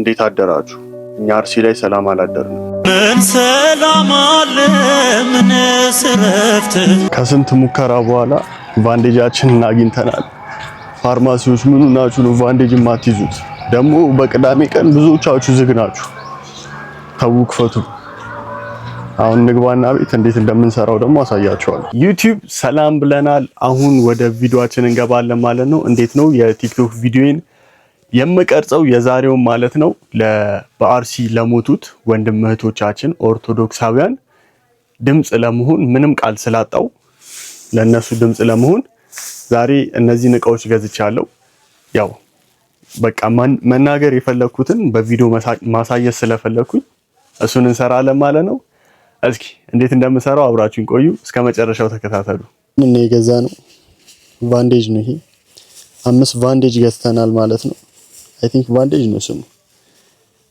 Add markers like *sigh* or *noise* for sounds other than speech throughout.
እንዴት አደራችሁ? እኛ አርሲ ላይ ሰላም አላደርንም። ምን ሰላም አለ? ምን ስረፍት። ከስንት ሙከራ በኋላ ቫንዴጃችንን አግኝተናል። ፋርማሲዎች ምኑ ናችሁ ነው ቫንዴጅ የማትይዙት? ደግሞ በቅዳሜ ቀን ብዙዎቻችሁ ዝግ ናችሁ። ተው ክፈቱ። አሁን ንግባና ቤት እንዴት እንደምንሰራው ደግሞ አሳያችኋለሁ። ዩቲዩብ ሰላም ብለናል። አሁን ወደ ቪዲዮአችን እንገባለን ማለት ነው። እንዴት ነው የቲክቶክ ቪዲዮን የምቀርጸው የዛሬውን ማለት ነው በአርሲ ለሞቱት ወንድም እህቶቻችን ኦርቶዶክሳውያን ድምፅ ለመሆን ምንም ቃል ስላጣው ለእነሱ ድምፅ ለመሆን ዛሬ እነዚህን እቃዎች ገዝቻለሁ። ያው በቃ መናገር የፈለግኩትን በቪዲዮ ማሳየት ስለፈለግኩኝ እሱን እንሰራለን ማለት ነው። እስኪ እንዴት እንደምሰራው አብራችሁን ቆዩ፣ እስከ መጨረሻው ተከታተሉ። ምን የገዛ ነው ቫንዴጅ ነው ይሄ። አምስት ቫንዴጅ ገዝተናል ማለት ነው። አይ ቲንክ ቫንዴጅ ነው ስሙ።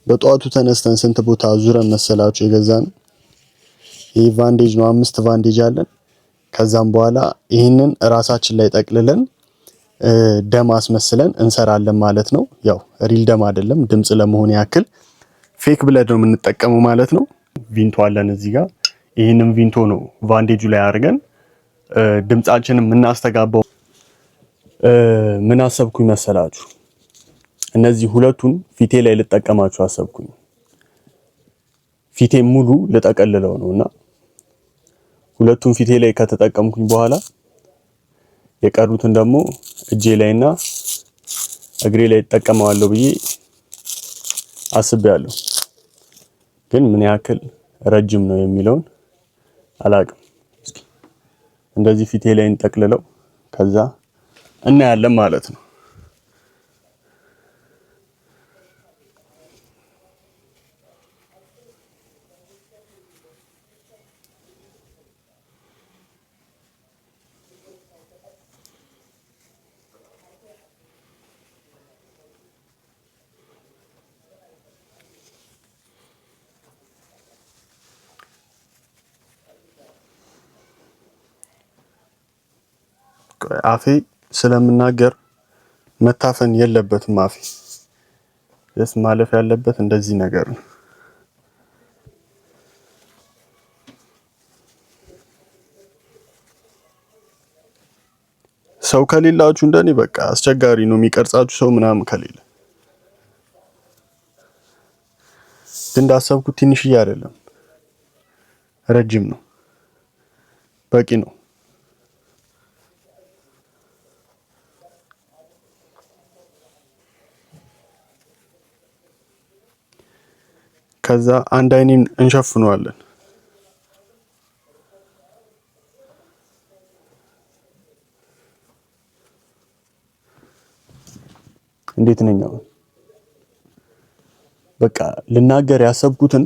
በጠዋቱ ተነስተን ስንት ቦታ ዙረን መሰላችሁ የገዛን? ይህ ቫንዴጅ ነው። አምስት ቫንዴጅ አለን። ከዛም በኋላ ይህንን እራሳችን ላይ ጠቅልለን ደም አስመስለን እንሰራለን ማለት ነው። ያው ሪል ደም አይደለም፣ ድምፅ ለመሆን ያክል ፌክ ብለድ ነው የምንጠቀመው ማለት ነው። ቪንቶ አለን እዚህ ጋር። ይህንን ቪንቶ ነው ቫንዴጁ ላይ አድርገን ድምፃችንን የምናስተጋባው። ምን አሰብኩኝ መሰላችሁ? እነዚህ ሁለቱን ፊቴ ላይ ልጠቀማችሁ አሰብኩኝ። ፊቴ ሙሉ ልጠቀልለው ነውና ሁለቱን ፊቴ ላይ ከተጠቀምኩኝ በኋላ የቀሩትን ደግሞ እጄ ላይና እግሬ ላይ እጠቀመዋለሁ ብዬ አስቤያለሁ። ግን ምን ያክል ረጅም ነው የሚለውን አላቅም። እንደዚህ ፊቴ ላይ እንጠቅልለው ከዛ እናያለን ማለት ነው። አፌ ስለምናገር መታፈን የለበትም። አፌ ደስ ማለፍ ያለበት እንደዚህ ነገር ነው። ሰው ከሌላችሁ እንደኔ በቃ አስቸጋሪ ነው የሚቀርጻችሁ ሰው ምናምን ከሌለ። ግን እንዳሰብኩት ትንሽዬ አይደለም ረጅም ነው፣ በቂ ነው። ከዛ አንድ አይኔን እንሸፍነዋለን። እንዴት ነኝ አሁን? በቃ ልናገር ያሰብኩትን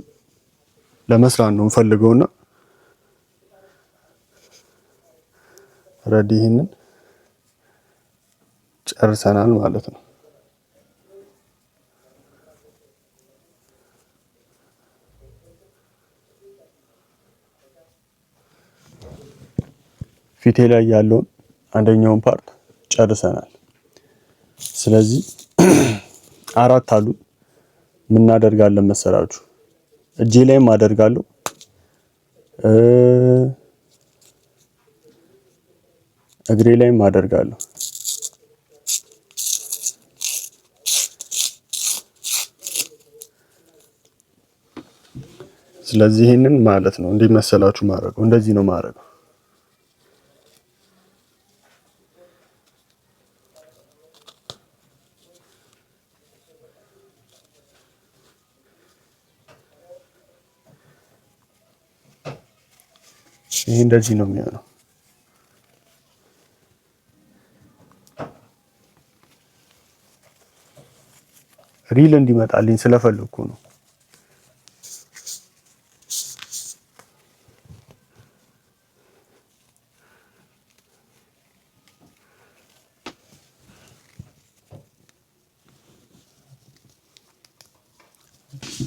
ለመስራት ነው የምፈልገውና ረድ ይህንን ጨርሰናል ማለት ነው። ፊቴ ላይ ያለውን አንደኛውን ፓርት ጨርሰናል። ስለዚህ *clears throat* አራት አሉ። ምናደርጋለን መሰላችሁ? እጄ ላይም አደርጋለሁ እግሬ ላይም አደርጋለሁ። ስለዚህ ይህንን ማለት ነው እንዴ መሰላችሁ ማድረገው፣ እንደዚህ ነው ማድረገው ይህ እንደዚህ ነው የሚሆነው። ሪል እንዲመጣልኝ ስለፈለኩ ነው።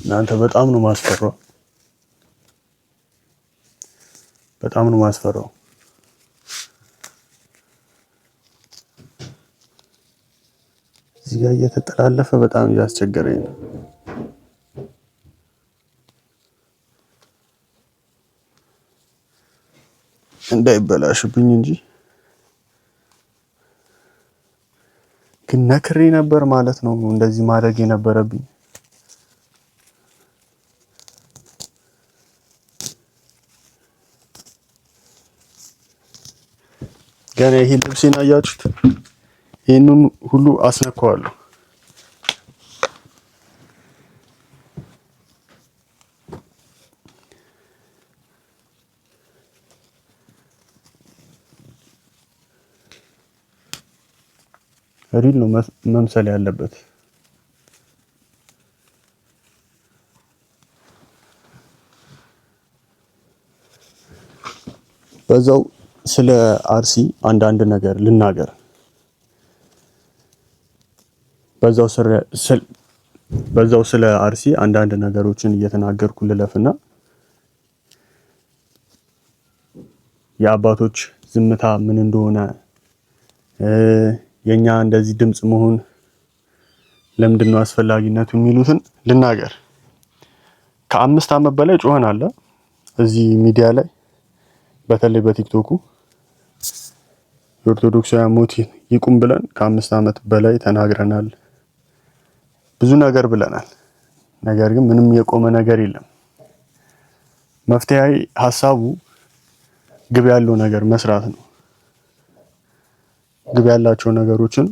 እናንተ በጣም ነው ማስፈራው። በጣም ነው ማስፈራው። እዚህ ጋር እየተጠላለፈ በጣም እያስቸገረኝ ነው። እንዳይበላሽብኝ እንጂ ግን ነክሬ ነበር ማለት ነው እንደዚህ ማድረግ የነበረብኝ። ገና ይሄ ልብሴን አያችሁት? ይህንን ሁሉ አስነካዋለሁ። ሪል ነው መምሰል ያለበት። በዛው ስለ አርሲ አንዳንድ ነገር ልናገር። በዛው ስለ አርሲ አንዳንድ ነገሮችን እየተናገርኩ ልለፍና የአባቶች ዝምታ ምን እንደሆነ የኛ እንደዚህ ድምጽ መሆን ለምንድን ነው አስፈላጊነቱ የሚሉትን ልናገር። ከአምስት ዓመት በላይ ጮኸን አለ እዚህ ሚዲያ ላይ በተለይ በቲክቶኩ የኦርቶዶክሳውያን ሞት ይቁም ብለን ከአምስት ዓመት በላይ ተናግረናል። ብዙ ነገር ብለናል። ነገር ግን ምንም የቆመ ነገር የለም። መፍትሄ ሀሳቡ ግብ ያለው ነገር መስራት ነው። ግብ ያላቸው ነገሮችን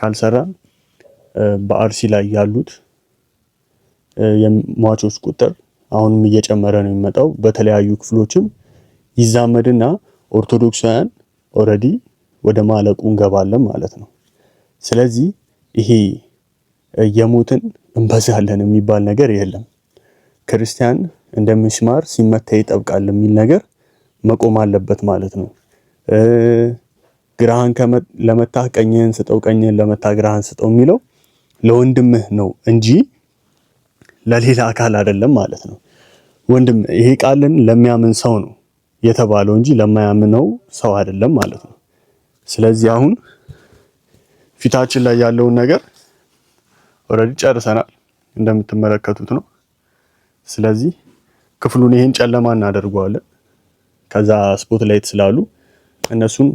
ካልሰራን በአርሲ ላይ ያሉት የሟቾች ቁጥር አሁንም እየጨመረ ነው የሚመጣው። በተለያዩ ክፍሎችም ይዛመድና ኦርቶዶክሳውያን ኦልሬዲ ወደ ማለቁ እንገባለን ማለት ነው። ስለዚህ ይሄ የሞትን እንበዛለን የሚባል ነገር የለም። ክርስቲያን እንደ ምስማር ሲመታ ይጠብቃል የሚል ነገር መቆም አለበት ማለት ነው። ግራህን ለመታ ቀኝህን ስጠው፣ ቀኝህን ለመታ ግራህን ስጠው የሚለው ለወንድምህ ነው እንጂ ለሌላ አካል አይደለም ማለት ነው። ወንድም ይሄ ቃልን ለሚያምን ሰው ነው የተባለው እንጂ ለማያምነው ሰው አይደለም ማለት ነው። ስለዚህ አሁን ፊታችን ላይ ያለውን ነገር ኦልሬዲ ጨርሰናል፣ እንደምትመለከቱት ነው። ስለዚህ ክፍሉን ይሄን ጨለማ እናደርገዋለን። ከዛ ስፖት ላይት ስላሉ እነሱን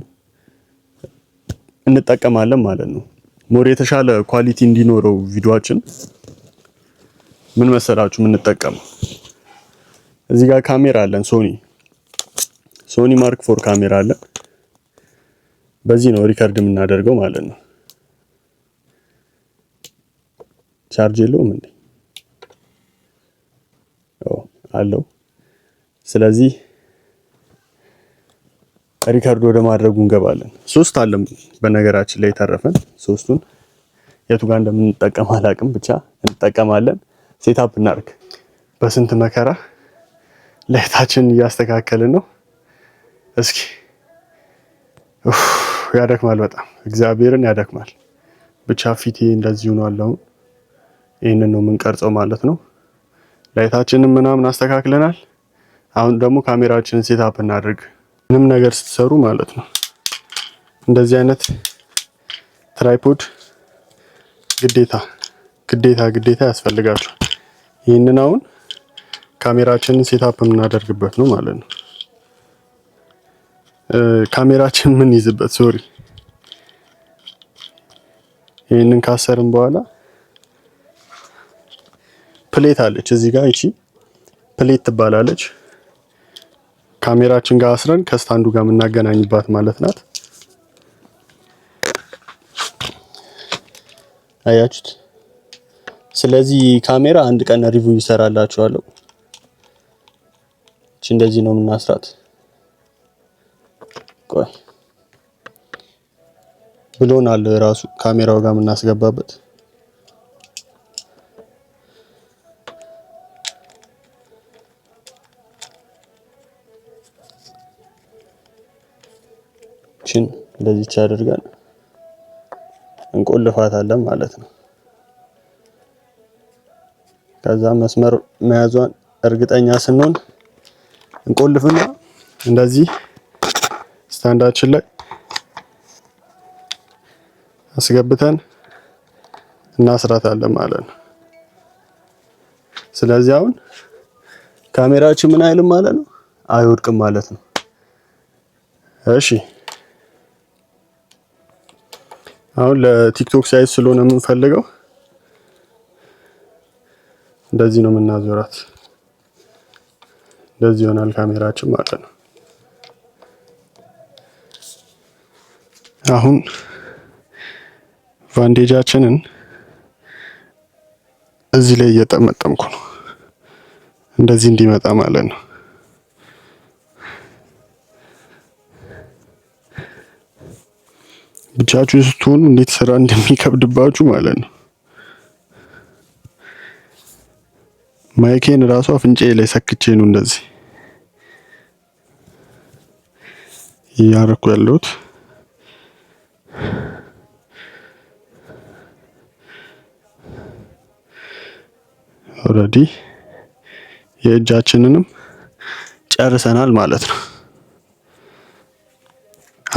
እንጠቀማለን ማለት ነው። ሞር የተሻለ ኳሊቲ እንዲኖረው ቪዲዮአችን ምን መሰላችሁ የምንጠቀመው እዚህ ጋር ካሜራ አለን ሶኒ ሶኒ ማርክ ፎር ካሜራ አለ። በዚህ ነው ሪከርድ የምናደርገው ማለት ነው። ቻርጅ የለውም እንዴ? አለው። ስለዚህ ሪከርድ ወደ ማድረጉ እንገባለን። ሶስት አለም በነገራችን ላይ የተረፈን ሶስቱን የቱ ጋር እንደምንጠቀም አላቅም፣ ብቻ እንጠቀማለን። ሴታፕ እናርግ። በስንት መከራ ላይታችን እያስተካከልን ነው። እስኪ ያደክማል፣ በጣም እግዚአብሔርን ያደክማል። ብቻ ፊቴ እንደዚህ ሆኗል። አለው። ይህንን ነው የምንቀርጸው ማለት ነው። ላይታችንን ምናምን አስተካክለናል። አሁን ደግሞ ካሜራችንን ሴታፕ እናድርግ። ምንም ነገር ስትሰሩ ማለት ነው እንደዚህ አይነት ትራይፖድ ግዴታ ግዴታ ግዴታ ያስፈልጋቸዋል። ይህንን አሁን ካሜራችንን ሴታፕ የምናደርግበት ነው ማለት ነው። ካሜራችን ምን ይዝበት ሶሪ ይህንን ካሰርን በኋላ ፕሌት አለች እዚህ ጋር እቺ ፕሌት ትባላለች። ካሜራችን ጋር አስረን ከስታንዱ ጋር የምናገናኝባት ማለት ናት። አያችሁት? ስለዚህ ካሜራ አንድ ቀን ሪቪው ይሰራላችኋለሁ። እቺ እንደዚህ ነው የምናስራት። ቆይ አለ ራሱ ካሜራው ጋር የምናስገባበት ችን እንደዚች አድርገን እንቆልፋታለን ማለት ነው። ከዛ መስመር መያዟን እርግጠኛ ስንሆን እንቆልፍና እንደዚህ ስታንዳችን ላይ አስገብተን እናስራታለን ማለት ነው። ስለዚህ አሁን ካሜራችን ምን አይልም ማለት ነው፣ አይወድቅም ማለት ነው። እሺ አሁን ለቲክቶክ ሳይዝ ስለሆነ የምንፈልገው እንደዚህ ነው የምናዞራት። እንደዚህ ይሆናል ካሜራችን ማለት ነው። አሁን ቫንዴጃችንን እዚህ ላይ እየጠመጠምኩ ነው። እንደዚህ እንዲመጣ ማለት ነው። ብቻችሁ ስትሆኑ እንዴት ስራ እንደሚከብድባችሁ ማለት ነው። ማይኬን እራሱ አፍንጬ ላይ ሰክቼ ነው እንደዚህ እያረኩ ያለሁት። ኦልሬዲ የእጃችንንም ጨርሰናል ማለት ነው።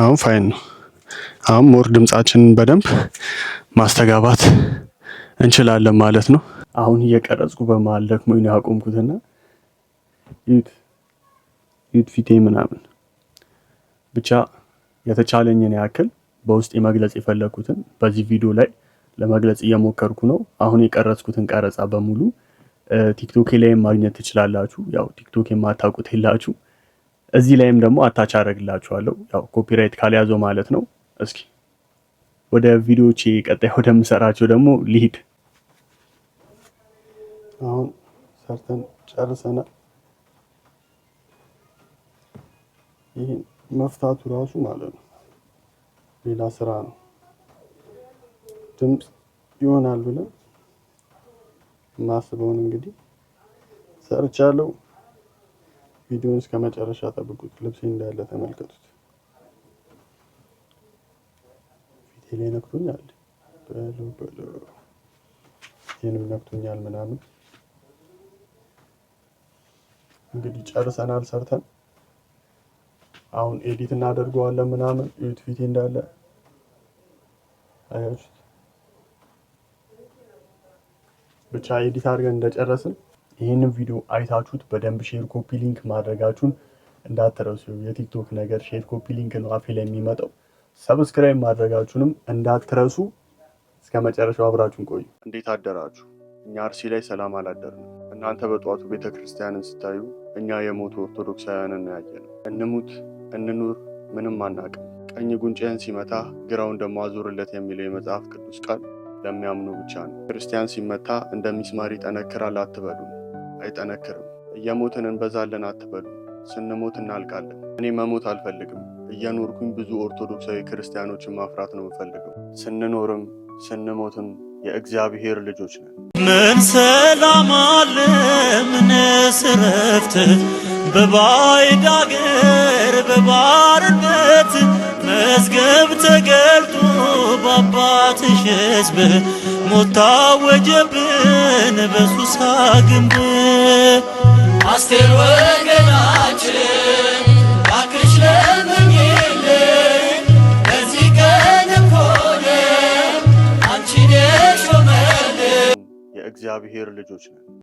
አሁን ፋይን ነው። አሁን ሞር ድምጻችንን በደንብ ማስተጋባት እንችላለን ማለት ነው። አሁን እየቀረጽኩ በመሀል ደክሞኝ ነው ያቆምኩትና ዩት ፊቴ ምናምን ብቻ የተቻለኝን ያክል በውስጥ መግለጽ የፈለኩትን በዚህ ቪዲዮ ላይ ለመግለጽ እየሞከርኩ ነው። አሁን የቀረጽኩትን ቀረጻ በሙሉ ቲክቶኬ ላይም ማግኘት ትችላላችሁ። ያው ቲክቶክ የማታውቁት የላችሁ። እዚህ ላይም ደግሞ አታች አደርግላችኋለሁ፣ ያው ኮፒራይት ካልያዘው ማለት ነው። እስኪ ወደ ቪዲዮቼ ቀጣይ ወደምሰራቸው ደግሞ ሊሂድ። አሁን ሰርተን ጨርሰናል። ይህን መፍታቱ ራሱ ማለት ነው ሌላ ስራ ነው። ድምፅ ይሆናል ብለን ማስበውን እንግዲህ ሰርቻለሁ። ቪዲዮን እስከ መጨረሻ ጠብቁት። ልብሴ እንዳለ ተመልከቱት። ፊቴ ላይ ነክቶኛል፣ ይህንም ነክቶኛል ምናምን እንግዲህ ጨርሰናል ሰርተን አሁን ኤዲት እናደርገዋለን ምናምን ዩት እንዳለ አያችሁት። ብቻ ኤዲት አድርገን እንደጨረስን ይህንን ቪዲዮ አይታችሁት በደንብ ሼር ኮፒ ሊንክ ማድረጋችሁን እንዳትረሱ። የቲክቶክ ነገር ሼር ኮፒ ሊንክ ነው አፌ ላይ የሚመጣው። ሰብስክራይብ ማድረጋችሁንም እንዳትረሱ። እስከ መጨረሻው አብራችሁን ቆዩ። እንዴት አደራችሁ? እኛ አርሲ ላይ ሰላም አላደርንም። እናንተ በጠዋቱ ቤተ ክርስቲያንን ስታዩ እኛ የሞቱ ኦርቶዶክሳውያንን ያየነው እንሙት እንኑር፣ ምንም አናቅም፣ ቀኝ ጉንጭህን ሲመታ ግራውን ደግሞ አዙርለት የሚለው የመጽሐፍ ቅዱስ ቃል ለሚያምኑ ብቻ ነው። ክርስቲያን ሲመታ እንደ ሚስማር ይጠነክራል አትበሉ፣ አይጠነክርም። እየሞትን እንበዛለን አትበሉ፣ ስንሞት እናልቃለን። እኔ መሞት አልፈልግም። እየኖርኩኝ ብዙ ኦርቶዶክሳዊ ክርስቲያኖችን ማፍራት ነው የምፈልገው። ስንኖርም ስንሞትም የእግዚአብሔር ልጆች ነን። ምን ሰላም አለ ምንስ ረፍት ሞትሽ ህዝብ ሞት ታወጀብን በሱሳ ግንብ አስቴር ወገናችን ባክሽ ለምኝልን በዚህ ቀን ሆነ አንቺን የሾመልን የእግዚአብሔር ልጆች ነን።